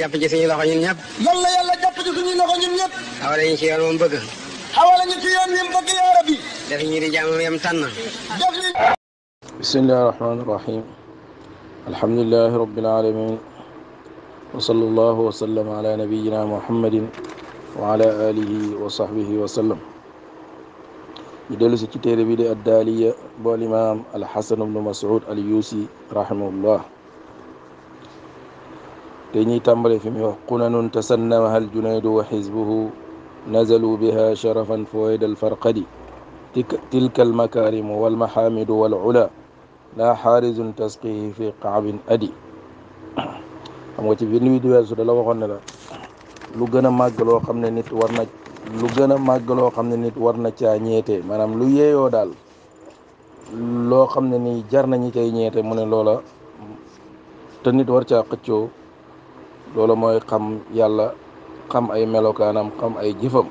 jàpp ci suñu loxo ñun ñëpp. yàlla yàlla jàpp ci suñu loxo ñun ñëpp. xawala ñu ci yoon moom bëgg. xawala ñu ci yoon wi mu bëgg yaa rabbi. def ñi di jàmm yam tànn. def li. bismillahi rahmani rahim. alhamdulilahi rabbil alamin. wa sallallahu wa sallam ala nabiyina muhammadin wa ala alihi wa sahbihi wa sallam. ñu dellu si ci téere bi di addaaliya bu al imaam alxasan ibnu masud al yuusi rahimahullah te ñuy tàmbale fi muy wax qunanun tasannawaha aljunaydu wa xizbuhu nazalu biha sharafan fawayda alfarqadi tilka almakaarimu walmaxamidu walula laa xaarizun tasqihi fi qaabin adi xam nga ci biir nuyu di weesu la waxoon ne la gën a màgg loo xam ne nit war na lu gën a màgg loo xam ne nit war na caa ñeete maanaam lu yeeyoo daal xam ne nii jar nañu cay ñeete mu ne loola te nit war caa xëccoo loolu mooy xam yàlla xam ay melokaanam xam ay jëfam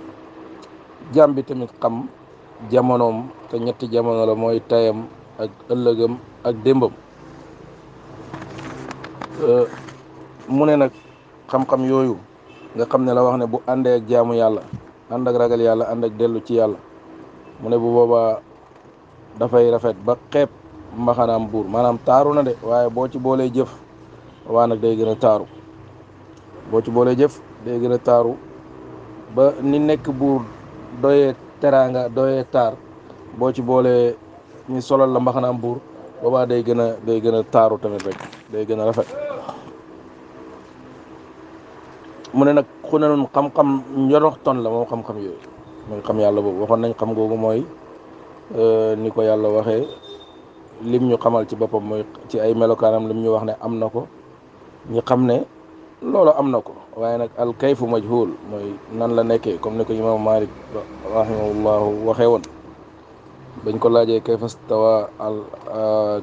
jàmm bi tamit xam jamonoom te ñetti jamono la mooy tayam ak ëllëgam ak démbam euh, mu ne nag xam-xam yooyu nga xam ne la wax ne bu àndee ak jaamu yàlla ànd ak ragal yàlla ànd ak dellu ci yàlla mu ne bu boobaa dafay rafet ba xeeb mbaxanaam buur maanaam taaru na de waaye boo ci boolee jëf waa nag day gën a taaru boo ci boolee jëf day gën a taaru ba ni nekk buur doyee teraanga doyee taar boo ci boolee ñu solal la mbaxanaam buur boobaa day gën a day gën a taaru tamit rek day gën a rafet mu ne nag xu ne nun xam-xam njorox ton la moom xam-xam yooyu mooy xam yàlla boobu waxoon nañ xam googu mooy euh, ni ko yàlla waxee lim ñu xamal ci boppam mooy ci ay melokaanam lim ñu wax ne am na ko ñi xam ne loolu am na ko waaye nag al kayfu majhul mooy nan la nekkee comme ni ko imaam malik rahimahullahu waxee woon bañ ko laajee kayfa stawa al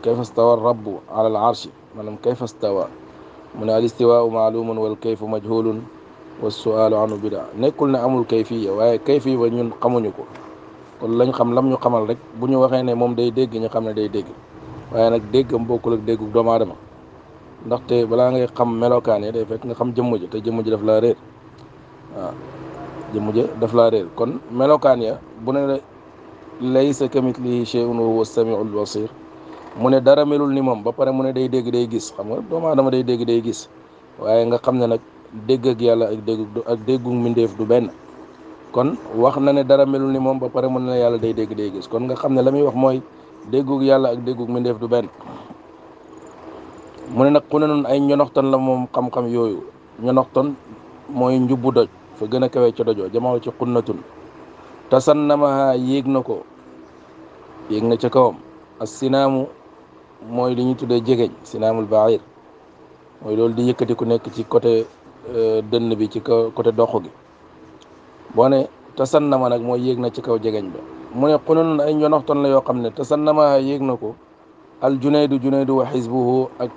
kayfa stawa rabbu ala al arshi maanaam kayfa stawa mu ne al istiwaau maalumun wal kayfu majhulun wa suaalu anu bida nekkul ne amul kayfiya waaye kayfiya ba ñun xamuñu ko kon lañ xam lam ñu xamal rek bu ñu waxee ne moom day dégg ñu xam ne day dégg waaye nag déggam bokkul ak déggu doomu aadama ndaxte balaa ngay xam melokaan yi day fekk nga xam jëmm ji te jëmm ji daf laa réer waaw jëmm ji daf laa réer kon melokaan ya bu ne laysa kamithlihi shay'un wa huwa as-sami'ul mu ne dara melul ni moom ba pare mu ne day dégg day gis xam nga doomu day dégg day gis waaye nga xam ne nag dégg ak yàlla ak dégg ak déggu mbindeef du benn kon wax na ne dara melul ni moom ba pare mu la yàlla day dégg day gis kon nga xam ne la muy wax mooy déggug yàlla ak déggug mbindeef du benn mu ne nag ku ne nun ay ñonoxton la moom xam-xam yooyu ñonoxton mooy njubbu doj fa gën a kawe ca dojoo jamono ci xunnatun tasannamaha yéeg na ko yéeg na ca kawam as sinaamu mooy li ñu tuddee jegeñ sinaamul bair mooy loolu di yëkkati ku nekk ci côté euh, dënn bi ci kaw côté dox gi boo ne tasannama nag mooy yéeg na ci kaw jegeñ ba mu ne xunanun ay njonoxton la yoo xam ne tasannamaha yéeg na ko al junaydu junaydu wa xisbuhu ak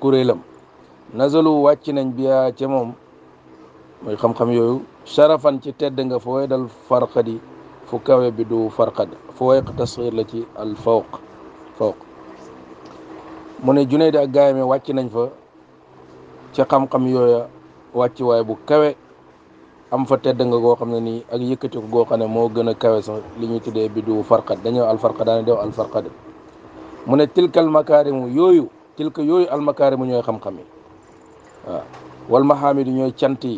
kuréelam nazalu wàcc nañ biyaa ca moom mooy xam-xam yooyu sharafan ci tedd foo fooy dal farqadi fu kawe bi du farqad fooy tasxiir la ci al fawq fawq mu ne Junayd ak gaayam wàcc nañ fa ca xam-xam yooya wàcc waaye bu kawe am fa tedd nga goo xam ne nii ak yëkkati ko ne moo gën a kawe sax li ñuy tuddee bi du farqad dañoo al farqadaani dew al farqad mu tilkal makaarimu yooyu tilka yooyu almakaarimu ñooy xam-xam yi waaw wal mahaamidu ñooy cant yi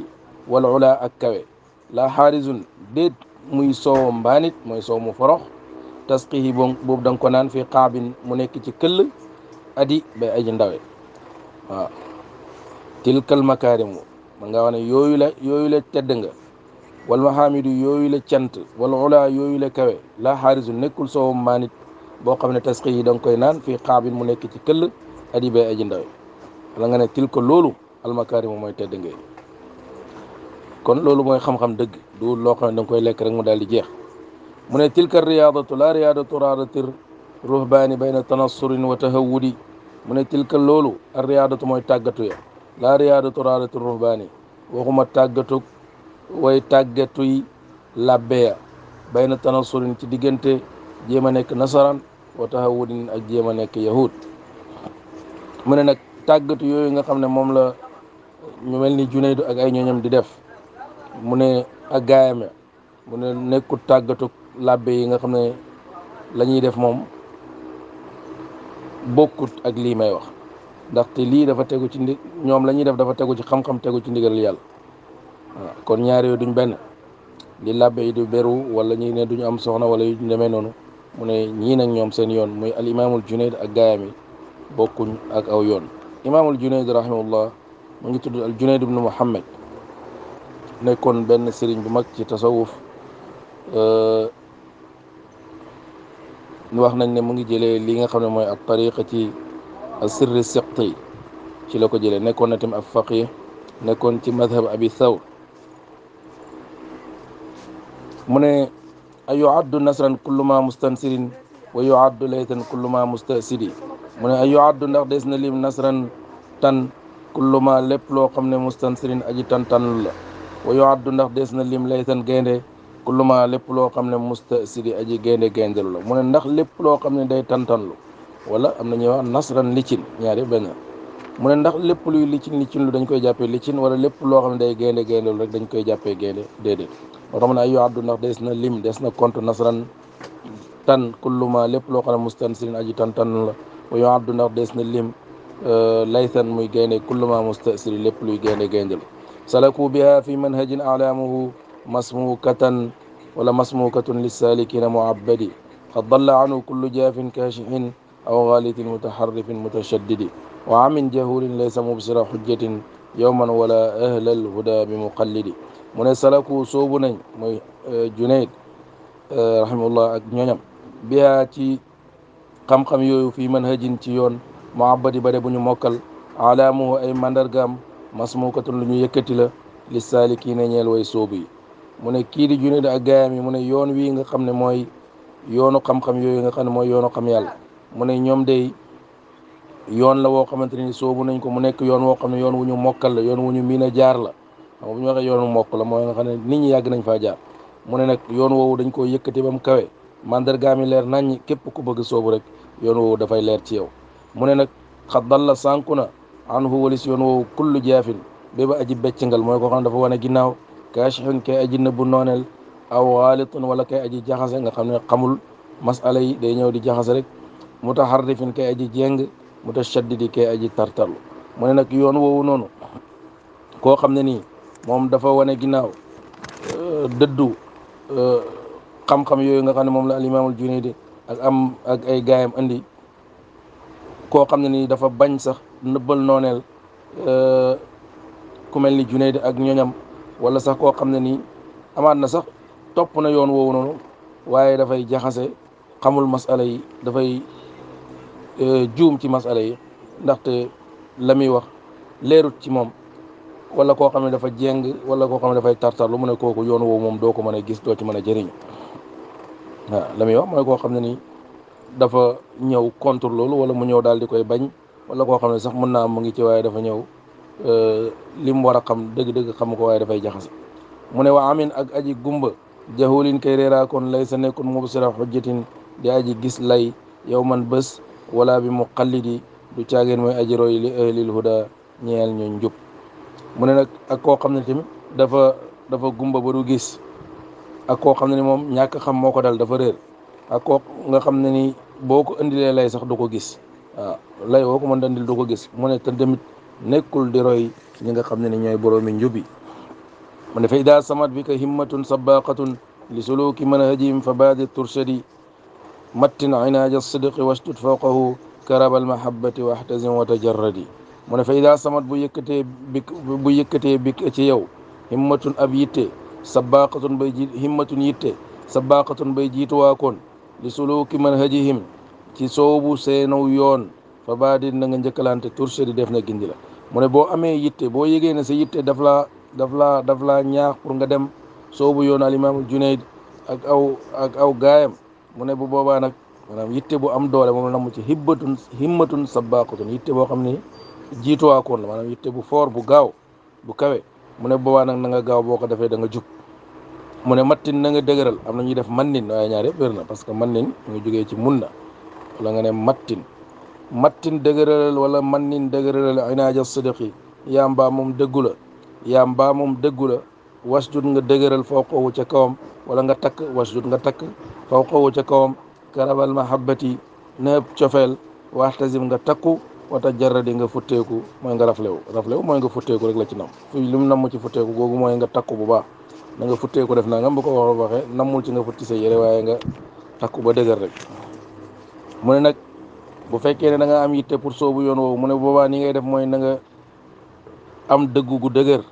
wal ula ak kawe la xaarisun déet muy soow mbaanit mooy soow mu forox tasqihi boobu da nga ko naan fii xaabin mu nekk ci këll adi bay aji ndawe waaw tilkal makaarimu man nga wax yooyu la yooyu la tedd nga wal mahaamidu yooyu la cant wal ula yooyu la kawe la xaarisun nekkul soow mbaanit boo xam ne tasqihi da nga koy naan fii xaabin mu nekk ci këll adibe aji ndaw wala nga ne til loolu almakaarimu mooy tedd ngay kon loolu mooy xam-xam dëgg du loo xam ne da koy lekk rek mu daal di jeex mu ne tilka riyaadatu laa riyaadatu raadatir ruhbaani bayna tanassurin wa tahawudi mu ne tilka loolu ar riyaadatu mooy tàggatu ya laa riyaadatu raadatir ruhbaani waxuma tàggatu way tàggatuy labbe ya bayna tanassurin ci diggante jéem a nekk nasaraan wa tahawudin ak jéem a nekk yahud mu ne nag tàggatu yooyu nga xam ne moom la ñu mel ni Junaydu ak ay ñooñam di def mu ne ak gaayame mu ne nekkut tàggatu làbbe yi nga xam ne lañuy def moom bokkut ak lii may wax ndaxte lii dafa tegu ci ndi ñoom lañuy def dafa tegu ci xam-xam tegu ci ndigal yàlla waaw kon ñaar yooyu duñ benn di làbbe yi du beru wala ñi ne duñu am soxna wala yu demee noonu mu ne ñii nag ñoom seen yoon muy al imaamul Junayd ak gaayam bokkuñ ak aw yoon imaamul junayd rahimahullah mu ngi tudd al junayd ibnu muhammad nekkoon benn sëriñ bu mag ci tasawuf wax nañ ne mu ngi jëlee li nga xam ne mooy ab tariqa ci sirri siqti ci la ko jëlee nekkoon na tamit ab faqih nekkoon ci madhab abi thawr mu ne ay a yuaddu nasran kullu ma mustansirin wa yuaddu laytan kullu ma mustasidi mu ne ay yuaddu ndax des na lim nasran tan kulluma lépp loo xam ne mustansirin aji tan tan la wa yuaddu des na lim laytan gaynde kulluma lépp loo xam ne mustasiri aji gaynde gayndelu la mu ne ndax lépp loo xam ne day tantanlu wala am na ñuy wax nasran licin ñaari benn mu ne ndax lépp luy licin licin lu dañ koy jàppee licin wala lépp loo xam ne day gaynde gayndelu rek dañ koy jàppee gaynde déedéet moo tax mu ne ay ndax des na lim des na compte nasran tan kulluma lépp loo xam ne mustansirin aji tan tan la muy abdu ndax des na lim laytan muy gaynde kulluma mustasiri lépp luy gaynde gaynde la salaku biha fi manhajin alaamuhu masmukatan wala masmukatun lissalikina muabbadi قد ضل عنه كل جاف كاشح أو غالط متحرف متشدد وعم جهول ليس مبصر حجة يوما ولا أهل الهدى بمقلد من سلكوا صوبنا جنيد رحمه الله أجنم بها تي xam-xam yooyu fii manhajin ci yoon mu abadi bare bu ñu mokkal alaamuhu ay mandargaam masmuukatun lu ñu yëkkati la kii ne ñeel way soobu yi mu ne kii di Junayd ak gaayam yi mu ne yoon wii nga xam ne mooy yoonu xam yooyu nga xam ne mooy yoonu xam yàlla mu ne ñoom day yoon la woo xamante ni soobu nañ ko mu nekk yoon woo xam ne yoon wu ñu mokkal la yoon wu ñu miin a jaar la xam bu ñu waxee yoonu mokk la mooy nga xam ne nit ñi yàgg nañ faa jaar mu ne nag yoon woowu dañ koo yëkkati ba mu kawe mandargaa mi leer naññ képp ku bëgg soobu rek yoon woowu dafay leer ci yow mu ne nag xat dalla sànku na anhu walis yoon woowu kullu jaafin béba aji beccangal mooy ko xam ne dafa ginnaaw kaashixin kay aji nëbbu nooneel aw wala kay aji jaxase nga xam ne xamul masala yi day ñëw di jaxase rek mutaharrifin kay aji jéng mutashaddidi kay aji tartarlu mu ne nag yoon woowu noonu xam ne nii moom dafa wane ginnaaw euh, dëddu euh, xam-xam yooyu nga xam ne moom la alimaamul Junayd ak am ak ay gaayam andi koo xam ne nii dafa bañ sax nëbbal nooneel euh, ku mel ni Junayd ak ñoñam wala sax koo xam ne nii amaat na sax topp na yoon woowu noonu waaye dafay jaxase xamul masala yi dafay euh, juum ci masala yi ndaxte la muy wax leerut ci moom wala koo xam ne dafa jéng wala koo xam ne dafay tartar lu mu ne kooku yoon woowu moom doo ko mën a gis doo ci mën a jëriñ Ah, la muy wax mooy koo xam ne ni dafa ñëw contre loolu wala mu ñëw daal di koy bañ wala koo xam ne sax mën naa mu ngi ci waaye dafa ñëw euh, lim war a xam dëgg-dëgg xam ko waaye dafay jaxase mu ne wa amin ak aji gumba jahulin kay reeraa kon lay sa nekkun mubsira xujjatin di aji gis lay yow man bés wala bi mu xallidi du caageen mooy aji roy li ahlil huda ñeel ñu njub mu ne nag ak koo xam ne tamit dafa dafa gumba ba du gis ak koo xam ne ni moom ñàkk xam moo ko dal dafa réer koo nga xam ne ni boo ko indilee lay sax du ko gis waaw lay woo ko mën dandil du ko gis mu ne te tamit nekkul di roy ñi nga xam ne ni ñooy boroomi njubi mu ne fa ida samat bi ka himmatun sabaqatun li suluki manhajihim fa baadi turshadi mattin inaaja sidqi wastud fawqahu karabal mahabbati waxtasim wa tajarradi mu ne fa ida samat bu yëkkatee bi yëkkatee bi ci yow himmatun ab yitte sabaqatun bay jiit himmatun yitte sabaqatun bay jiituwaakoon li suluki manhajihim ci soobu seenaw yoon fa baadin na nga njëkkalante turse di def na gindi la mu ne boo amee yitte boo yëgee ne sa yitte daf laa daf laa daf laa ñaax pour nga dem soobu yoon alimaam junayd ak aw ak aw gaayam mu ne bu boobaa nag maanaam yitte bu am doole moom la mu ci hibbatun himmatun sabaqatun yitte boo xam ne jiituwaakoon la maanaam yitte bu foor bu gaaw bu kawe mu ne boobaa na nga gaaw boo ko defee da nga jug mu ne mattin na nga dëgëral am na ñu def mannin waaye ñaar yëpp wér na parce que mannin mu ngi jógee ci na wala nga ne mattin mattin dëgëralal wala mannin dëgëralal inaaja sidqi yaa mbaa moom dëggu la yaa mbaa moom dëggu la wasjud nga dëgëral fawqahu ca kawam wala nga takk wasjud nga takk fawqahu ca kawam karabal mahabbati nëb cofeel waxtazim nga takku wata jaradi nga futteeku mooy nga raflewu raflewu mooy nga futteeku rek la ci nam fii li mu namm ci futteeku googu mooy nga takku bu baax nanga nga futteeku def na nga bu ko wax waxee nammul ci nga futti sa yére waaye nga takku ba dëgër rek mu ne nag bu fekkee ne da nga am yitte pour soobu yoon woowu mu ne boobaa ni ngay def mooy na nga am dëggu dëgër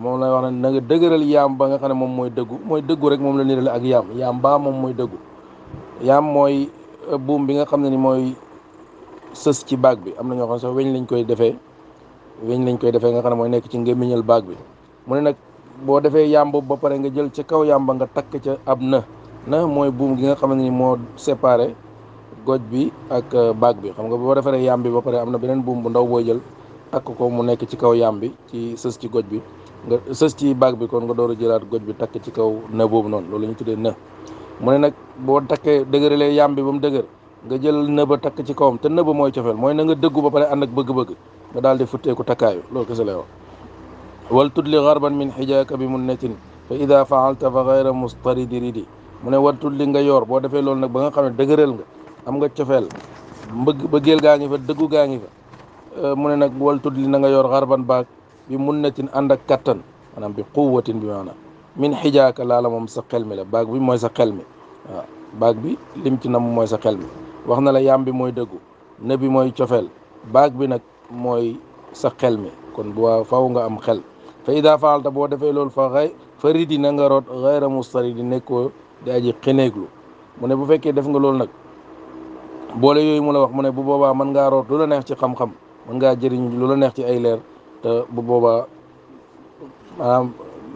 moom lay wax ne na dëgëral yaam ba nga xam ne moom mooy dëggu mooy dëggu rek moom la nirale ak yaam yaam baa moom mooy dëggu yaam mooy euh, buum bi nga xam ne ni mooy sës ci baag bi am na ñoo xam sax weñ lañ koy defee weñ lañ koy defee nga xam ne mooy nekk ci ngémmiñal baag bi mu ne nag boo defee yàmb ba pare nga jël ca kaw yàmba nga takk ca ab na na mooy buum gi nga xamante ni moo séparé goj bi ak euh, baag bi xam nga boo defaree yàmb bi ba pare am na beneen buum bu ndaw booy jël takk ko mu nekk ci kaw yàmb bi ci sës ci goj bi nga sës ci baag bi kon nga door a jëlaat goj bi takk ci kaw na boobu noonu loolu la ñu tuddee na mu ne nag boo takkee dëgëralee yàmb bi ba mu dëgër nga jël nëba takk ci kawam te nëba mooy cofeel mooy nanga nga dëggu ba pare ànd ak bëgg-bëgg nga daal di futteeku takkaayu loolu kese lay wax wal tudli garban min xijaaka bi mun netin fa ida faalta fa gayra mustaridi ridi mu ne wal tudli nga yoor boo defee loolu nag ba nga xam ne dëgëral nga am nga cofeel mbëgg bëggeel gaa ngi fa dëggu gaa ngi fa euh, mu ne nag wal tudli na nga yoor garban baag bi mun netin ànd ak kattan maanaam bi quwatin bi maanaam min xijaaka laala moom sa xel mi la baag bi mooy sa xel mi waaw bi lim ci nam mooy sa xel mi wax na la yaam bi mooy dëggu ne bi mooy cofeel baag bi nag mooy sax xel mi kon bu faw nga am xel fa ida faalta boo defee loolu fa xay faridi na nga root xayra mustari di nekkoo di aji xineeglu mu ne bu fekkee def nga loolu nag boole yooyu mu wax mu ne bu boobaa mën ngaa root lu neex ci xam mën ngaa jëriñ lu neex ci ay leer te bu boobaa maanaam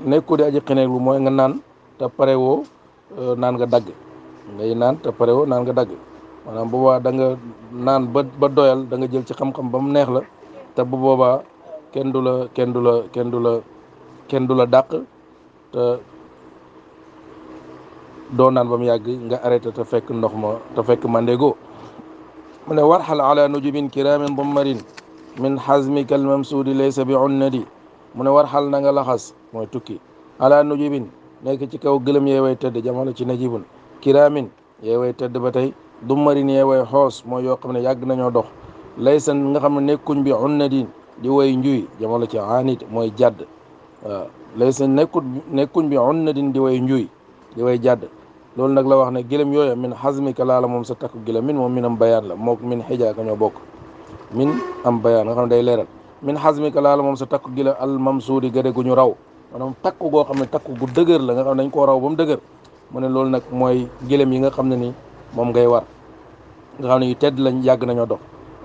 nekkoo di mooy nga naan te pare woo euh, naan nga dagg ngay naan te pare woo naan nga dagg maanaam bu boobaa da naan ba ba doyal danga jël ci xam-xam ba mu neex la te bu boobaa kenn du la kenn du la kenn du la kenn du la dàq te naan ba mu yàgg nga arrêté te fekk ndox ma te fekk mandego mu ne warxal ala nujubin kiraamin dammarin min xazmika almamsuudi laysa bi unnadi mu ne warxal na nga laxas mooy tukki ala nujubin nekk ci kaw gëlëm yeeway tëdd jamono ci najibun kiraamin yeeway tëdd ba tey du marinier way xoos mooy yoo xam ne yàgg nañoo dox laysan nga xam ne nekkuñ bi unnadin di way njuy jamono ci aanit mooy jàdd waaw laysan nekkut nekkuñ bi unnadin di way njuuy di way jàdd loolu nag la wax ne gëlëm yooya min xasmika laala moom sa takku gëlëm min moom min am bayaan la mook min xijaaka ñoo bokk min am bayaan nga xam ne day leeral min xasmika laala moom sa takk gila al mamsuudi gade gu ñu raw maanaam takku goo xam ne takku gu dëgër la nga xam ne dañ koo raw ba mu dëgër mu ne loolu nag mooy gëlëm yi nga xam ne ni moom ngay war nga xam ne yu tedd lañ yàgg nañoo dox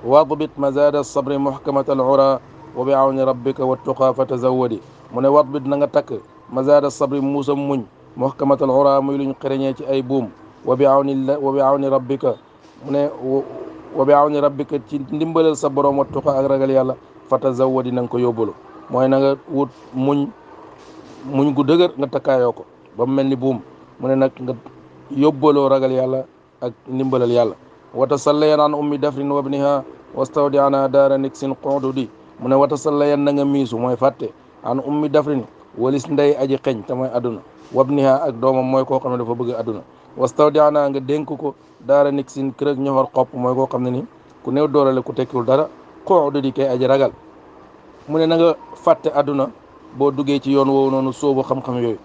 wadbit mazada sabri muhkamat al ura wa bi awni rabbika wa tuqa fa tazawadi mu ne wadbit na nga takk mazada sabri muusa muñ muhkamat al ura muy luñ xereñee ci ay buum wa bi awni wa bi awni rabbika mu ne wa bi awni rabbika ci ndimbalal sa borom wa tuqa ak ragal yàlla fa tazawadi na nga ko yóbbulu mooy na nga wut muñ muñ gu dëgër nga takkaayoo ko ba mu mel ni buum mu ne nag nga yóbbaloo ragal yàlla ak ndimbalal yàlla watasallayan an ummi dafrin wa ibniha wastawdiana daara niksin qududi mu ne watasallayan na nga miisu mooy fàtte an ummi dafrin walis ndey aji xeñ ta mooy àdduna wabniha ak doomam mooy koo xam ne dafa bëgg àdduna wastawdiana nga dénk ko daara niksin kërëg ñoxor xopp mooy koo xam ne ni ku néew doolale ku tekkiwul dara qududi kay aji ragal mu ne na nga fàtte àdduna boo duggee ci yoon woowu noonu sóobu xam-xam yooyu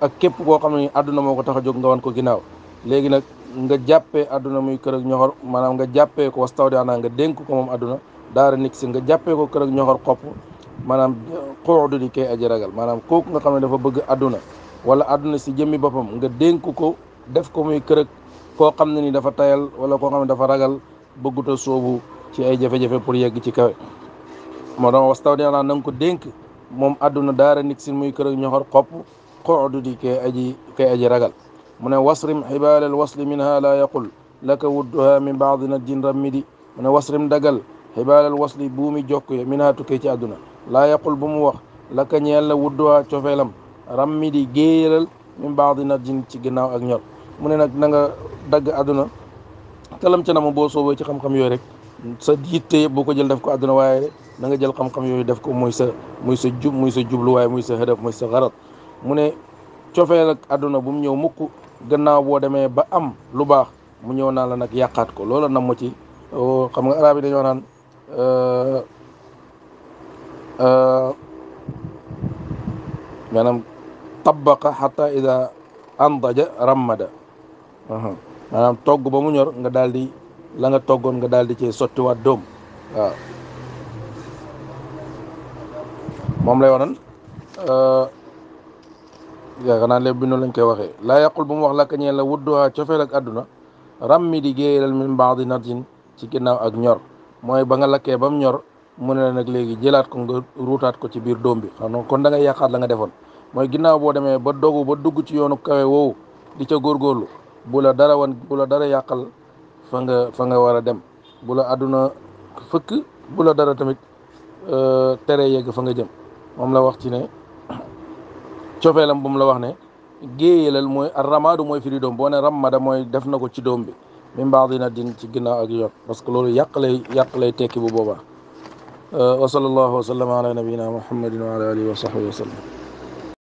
ak képp koo xam ne ni àdduna moo ko tax a jog nga wan ko ginnaaw léegi nag nga jàppee àdduna muy kër ak maanaam nga jàppee ko wastawdi anaa nga dénk ko moom àdduna daara nik si nga jàppee ko kër ak ñoxor xopp maanaam xuuxdu di koy aji ragal maanaam kooku nga xam ne bëgg àdduna wala àdduna si jëmmi boppam nga dénk ko def ko muy kër koo xam ne ni dafa tayal wala koo xam ne dafa ragal bëgguta soobu ci ay jafe pour yegg ci kawe moo tax wastawdi anaa nga ko dénk moom àdduna daara nik si muy kër a ñoxor xopp xuuxdu di koy aji koy aji ragal mu ne wasrim xibaalal wasli minha laa yaqul laka wudduha min baadi najjin rammidi mu ne wasrim dagal xibaalal wasli buumi jokk ya minha tukkee ci àdduna laa yaqul bu mu wax laka ñeel la wudduha cofeelam rammidi géeyalal min baadi najjin ci ginnaaw ak ñor mu ne nag na nga dagg àdduna talam ca na mu boo soobee ci xam-xam yooyu rek sa yitte yëpp boo ko jël def ko àdduna waaye na nga jël xam-xam yooyu def ko muy sa muy sa jub muy sa jubluwaay muy sa hëdëf muy sa xarat mu ne cofeel ak àdduna bu mu ñëw mukk gannaaw boo demee ba am lu baax mu ñëw naa la nag yàqaat ko loola nam mu ci oh, xam nga arab yi dañoo naan euh, euh, maanaam tabaqa xata ida andaja ramada uh-huh. maanaam togg ba mu ñor nga daal la nga toggoon nga daal di cee sottiwaat doom waaw moom lay wanan euh, yaakaar naa lépp bi noonu lañ koy waxee laa yàqul bu mu wax lakka ñeen la wudduwaa cofeel ak àdduna ràmmi di géeyelal min baadi natin ci ginnaaw ak ñor mooy ba nga lakkee ba mu ñor mu ne la nag léegi jëlaat ko nga ruutaat ko ci biir doom bi xam kon da ngay yàqaat la nga defoon mooy ginnaaw boo demee ba dogu ba dugg ci yoonu kawe woowu di ca góorgóorlu bu la dara wan bula dara yàqal fa nga fa nga war a dem bula la àdduna fëkk bula dara tamit euh, tere yegg fa nga jëm moom la wax ci ne cofeelam bu mu la wax ne géeyalal mooy ramadu mooy firi doom boo ne ramada mooy def na ko ci doom bi min baadina din ci ginnaaw ak yot parce que loolu yàq lay yàq lay tekki bu boobaa euh, wa sallallahu wa sallama ala nabiyina muhammadin wa ala alihi wa sahbihi wa sallam